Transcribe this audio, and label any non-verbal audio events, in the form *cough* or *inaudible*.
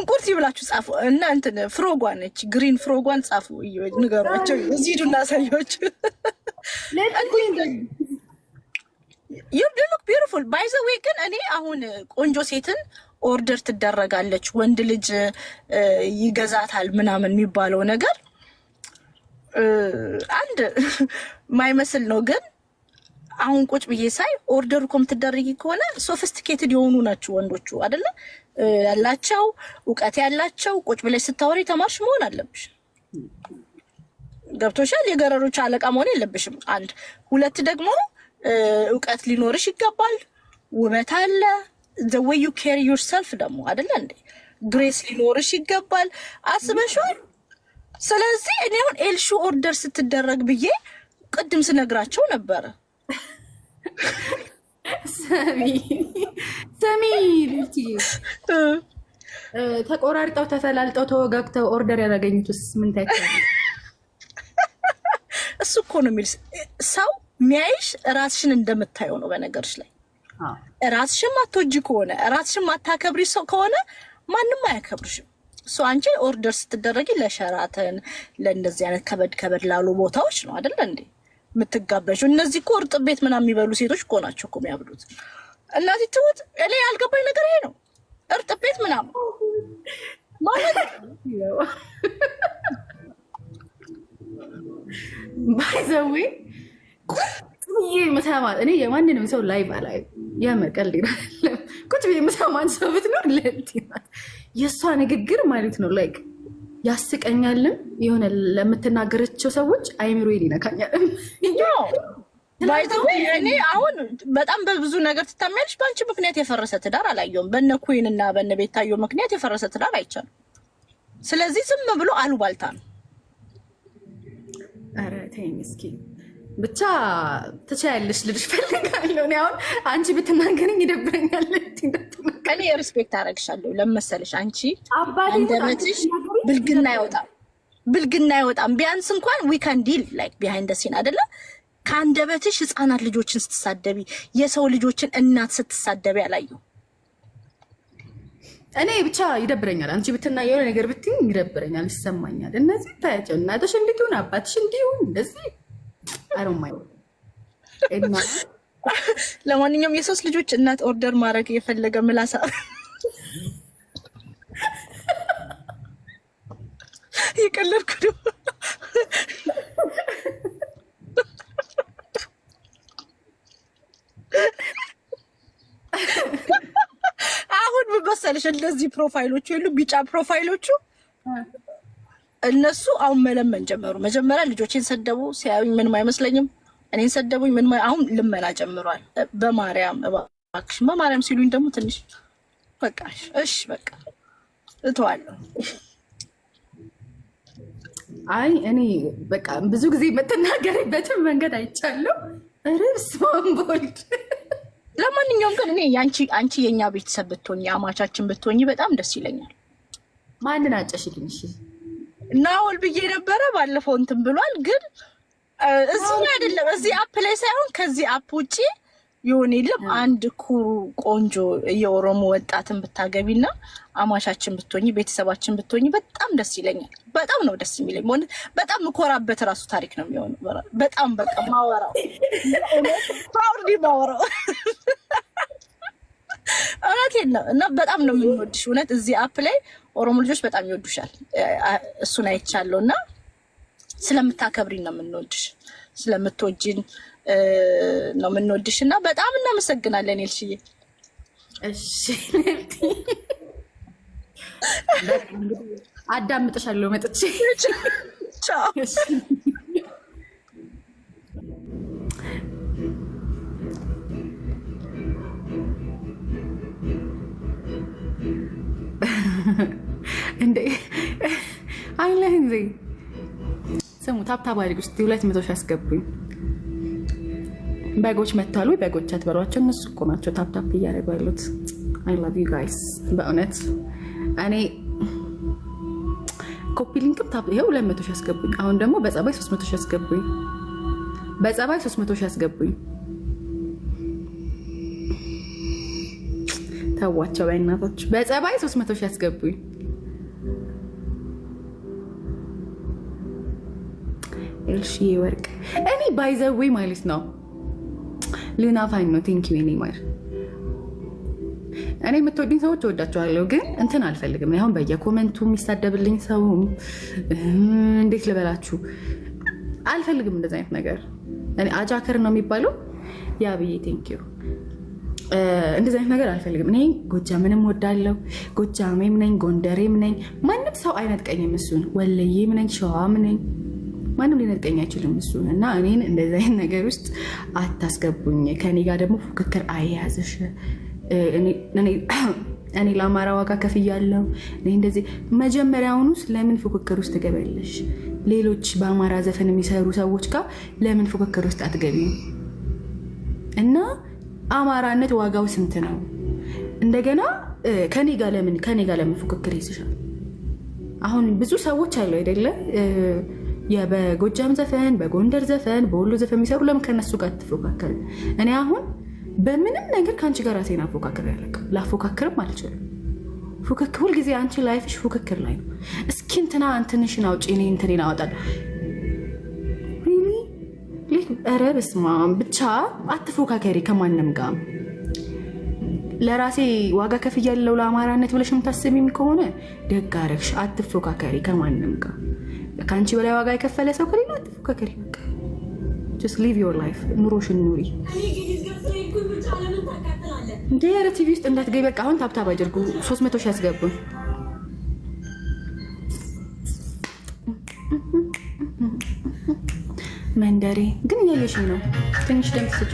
እንቁርቲ ብላችሁ ጻፉ። እናንተ ፍሮጓ ነች፣ ግሪን ፍሮጓን ጻፉ፣ ንገሯቸው። እዚህ ሂዱና አሳያዎች ዩ ሉክ ቢዩቲፉል ባይ ዘ ዌይ። ግን እኔ አሁን ቆንጆ ሴትን ኦርደር ትደረጋለች፣ ወንድ ልጅ ይገዛታል ምናምን የሚባለው ነገር አንድ ማይመስል ነው ግን አሁን ቁጭ ብዬ ሳይ ኦርደሩ ከምትደረጊ ከሆነ ሶፊስቲኬትድ የሆኑ ናቸው ወንዶቹ አደለ ያላቸው እውቀት ያላቸው ቁጭ ብለሽ ስታወሪ ተማርሽ መሆን አለብሽ። ገብቶሻል? የገረሮች አለቃ መሆን የለብሽም። አንድ ሁለት ደግሞ እውቀት ሊኖርሽ ይገባል። ውበት አለ ዘ ወይ ዩ ኬሪ ዩርሰልፍ ደግሞ አደለ እንዴ? ግሬስ ሊኖርሽ ይገባል። አስበሽዋል። ስለዚህ እኔ አሁን ኤልሹ ኦርደር ስትደረግ ብዬ ቅድም ስነግራቸው ነበረ። ሰሚ ልቲ ተቆራርጠው ተፈላልጠው ተወጋግተው ኦርደር ያላገኙት ውስጥ ምን ታይቻለሽ? እሱ እኮ ነው የሚል ሰው የሚያይሽ ራስሽን እንደምታየው ነው። በነገርሽ ላይ ራስሽን ማትወጂ ከሆነ ራስሽን ማታከብሪ ሰው ከሆነ ማንም አያከብርሽም። እሱ አንቺ ኦርደር ስትደረጊ ለሸራተን ለእንደዚህ አይነት ከበድ ከበድ ላሉ ቦታዎች ነው አደለ እንዴ? የምትጋበዡ እነዚህ እኮ እርጥ ቤት ምናምን የሚበሉ ሴቶች እኮ ናቸው እኮ የሚያብሉት። እናቴ ትሙት እኔ ያልገባኝ ነገር ይሄ ነው። እርጥ ቤት ምናምን ማለት ባይዘዌ ቁጭ ምሰማ እኔ የማንንም ሰው ላይቭ አላዩ የመቀል ቁጭ ምሰማን ሰው ብትኖር ለልቲ የእሷ ንግግር ማለት ነው ላይክ ያስቀኛልም የሆነ ለምትናገረቸው ሰዎች አይምሮ ይነካኛል። እኔ አሁን በጣም በብዙ ነገር ትታሚያለሽ። በአንቺ ምክንያት የፈረሰ ትዳር አላየውም። በነ ኩን እና በነ ቤታየው ምክንያት የፈረሰ ትዳር አይቻልም። ስለዚህ ዝም ብሎ አሉባልታ ነው። ኧረ ተይኝ እስኪ ብቻ ትችያለሽ ልልሽ ፈልጋለሁ። እኔ አሁን አንቺ ብትናገርኝ ይደብረኛል። እኔ ሪስፔክት አደርግሻለሁ። ለመሰለሽ አንቺ አንደበትሽ ብልግና አይወጣም፣ ብልግና አይወጣም። ቢያንስ እንኳን ዊከን ዲል ላይክ ቢሃይንድ ሲን አደለ ከአንደበትሽ ህፃናት ልጆችን ስትሳደቢ የሰው ልጆችን እናት ስትሳደቢ አላዩ። እኔ ብቻ ይደብረኛል። አንቺ ብትና የሆነ ነገር ብትይ ይደብረኛል፣ ይሰማኛል። እነዚህ ታያቸው እናቶች እንዲሁን አባትሽ እንዲሁን እንደዚህ አሮማይ *laughs* ለማንኛውም የሶስት ልጆች እናት ኦርደር ማድረግ የፈለገ ምላሳ እየቀለድኩ ነው። አሁን ምን መሰለሽ እነዚህ ፕሮፋይሎቹ የሉ ቢጫ ፕሮፋይሎቹ እነሱ አሁን መለመን ጀመሩ። መጀመሪያ ልጆቼን ሰደቡ፣ ሲያዩኝ ምንም አይመስለኝም። እኔን ሰደቡኝ፣ ምንም አሁን ልመና ጀምሯል። በማርያም እባክሽ በማርያም ሲሉኝ ደግሞ ትንሽ በቃ እሺ በቃ እተዋለሁ። አይ እኔ በቃ ብዙ ጊዜ የምትናገሪበትን መንገድ አይቻለሁ። ርብስ ማንቦልድ ለማንኛውም ግን እኔ አንቺ የእኛ ቤተሰብ ብትሆኝ አማቻችን ብትሆኝ በጣም ደስ ይለኛል። ማንን አጨሽልኝ? እሺ ናውል ብዬ ነበረ ባለፈው እንትን ብሏል። ግን እዚህ አይደለም እዚህ አፕ ላይ ሳይሆን ከዚህ አፕ ውጭ ይሁን የለም አንድ ኩሩ ቆንጆ የኦሮሞ ወጣትን ብታገቢና አማሻችን ብትሆኝ ቤተሰባችን ብትሆኝ በጣም ደስ ይለኛል። በጣም ነው ደስ የሚለኝ። በእውነት በጣም ምኮራበት ራሱ ታሪክ ነው የሚሆነው። በጣም በቃ ማወራው ፓውርዲ ማወራው እውነቴን ነው እና በጣም ነው የምንወድሽ። እውነት እዚህ አፕ ላይ ኦሮሞ ልጆች በጣም ይወዱሻል። እሱን አይቻለሁ እና ስለምታከብሪን ነው የምንወድሽ ስለምትወጂን ነው የምንወድሽ እና በጣም እናመሰግናለን ኤልሽዬ። እሺ አዳምጥሻለሁ መጥቼ እንዴ አይለህ እንዴ ስሙ ታብታብ አድርግ ውስጥ ሁለት መቶ ሺህ አስገቡኝ። በጎች መታሉ በጎች አትበሯቸው። እነሱ እኮ ናቸው ታፕታፕ እያደረጉ ያሉት። አይ ላቭ ዩ ጋይስ በእውነት እኔ ኮፒ ሊንክም ታፕ ይሄ ሁለት መቶ ሺህ ያስገቡኝ። አሁን ደግሞ በጸባይ ሶስት መቶ ሺህ ያስገቡኝ። በጸባይ ሶስት መቶ ሺህ ያስገቡኝ። ተዋቸው በእናቶች በጸባይ ሶስት መቶ ሺህ ያስገቡኝ። ኤልሺ ወርቅ እኔ ባይዘዌ ማለት ነው ልናፋኝ ነው። ቴንኪ ዩ ማር እኔ የምትወዱኝ ሰዎች እወዳቸዋለሁ፣ ግን እንትን አልፈልግም። አሁን በየኮመንቱ የሚሳደብልኝ ሰው እንዴት ልበላችሁ አልፈልግም። እንደዚ አይነት ነገር አጃከር ነው የሚባለው ያ ብዬ ዩ እንደዚ አይነት ነገር አልፈልግም። እኔ ጎጃምንም ወዳለው ጎጃሜም ነኝ፣ ጎንደሬም ነኝ። ማንም ሰው ቀኝ እሱን ወለዬም ነኝ፣ ሸዋም ነኝ ማንም ሊነጠኝ አይችልም እሱን እና እኔን እንደዚህ አይነት ነገር ውስጥ አታስገቡኝ። ከኔ ጋር ደግሞ ፉክክር አያያዝሽ እኔ ለአማራ ዋጋ ከፍያለሁ፣ እኔ እንደዚህ መጀመሪያውኑ ለምን ፉክክር ውስጥ ትገበለሽ? ሌሎች በአማራ ዘፈን የሚሰሩ ሰዎች ጋር ለምን ፉክክር ውስጥ አትገቢም? እና አማራነት ዋጋው ስንት ነው? እንደገና ከኔ ጋር ለምን ከኔ ጋር ለምን ፉክክር ይዝሻል? አሁን ብዙ ሰዎች አሉ አይደለም? በጎጃም ዘፈን፣ በጎንደር ዘፈን፣ በወሎ ዘፈን የሚሰሩ ለምን ከነሱ ጋር ትፎካከር? እኔ አሁን በምንም ነገር ከአንቺ ጋር ራሴን አፎካክር ያለቅም ላፎካክርም አልችልም። ፉክክር ሁልጊዜ አንቺ ላይፍሽ ፉክክር ላይ ነው። እስኪ እንትና እንትንሽን አውጪ እኔ እንትኔን አወጣለሁ። ኧረ በስመ አብ ብቻ አትፎካከሪ ከማንም ጋር ለራሴ ዋጋ ያለው ለአማራነት ብለሽ የምታስቢም ከሆነ ደግ አደረግሽ። አትፎካከሪ ከማንም ጋር። ከአንቺ በላይ ዋጋ የከፈለ ሰው ከሌለ አትፎካከሪ። ጀስት ሊቭ ዮር ላይፍ፣ ኑሮሽን ኑሪ። ኧረ ቲቪ ውስጥ እንዳትገቢ። በቃ አሁን ታብታብ አድርጉ። ሶስት መቶ ሺህ ያስገቡ። መንደሬ ግን እያየሽ ነው። ትንሽ ደምስጭ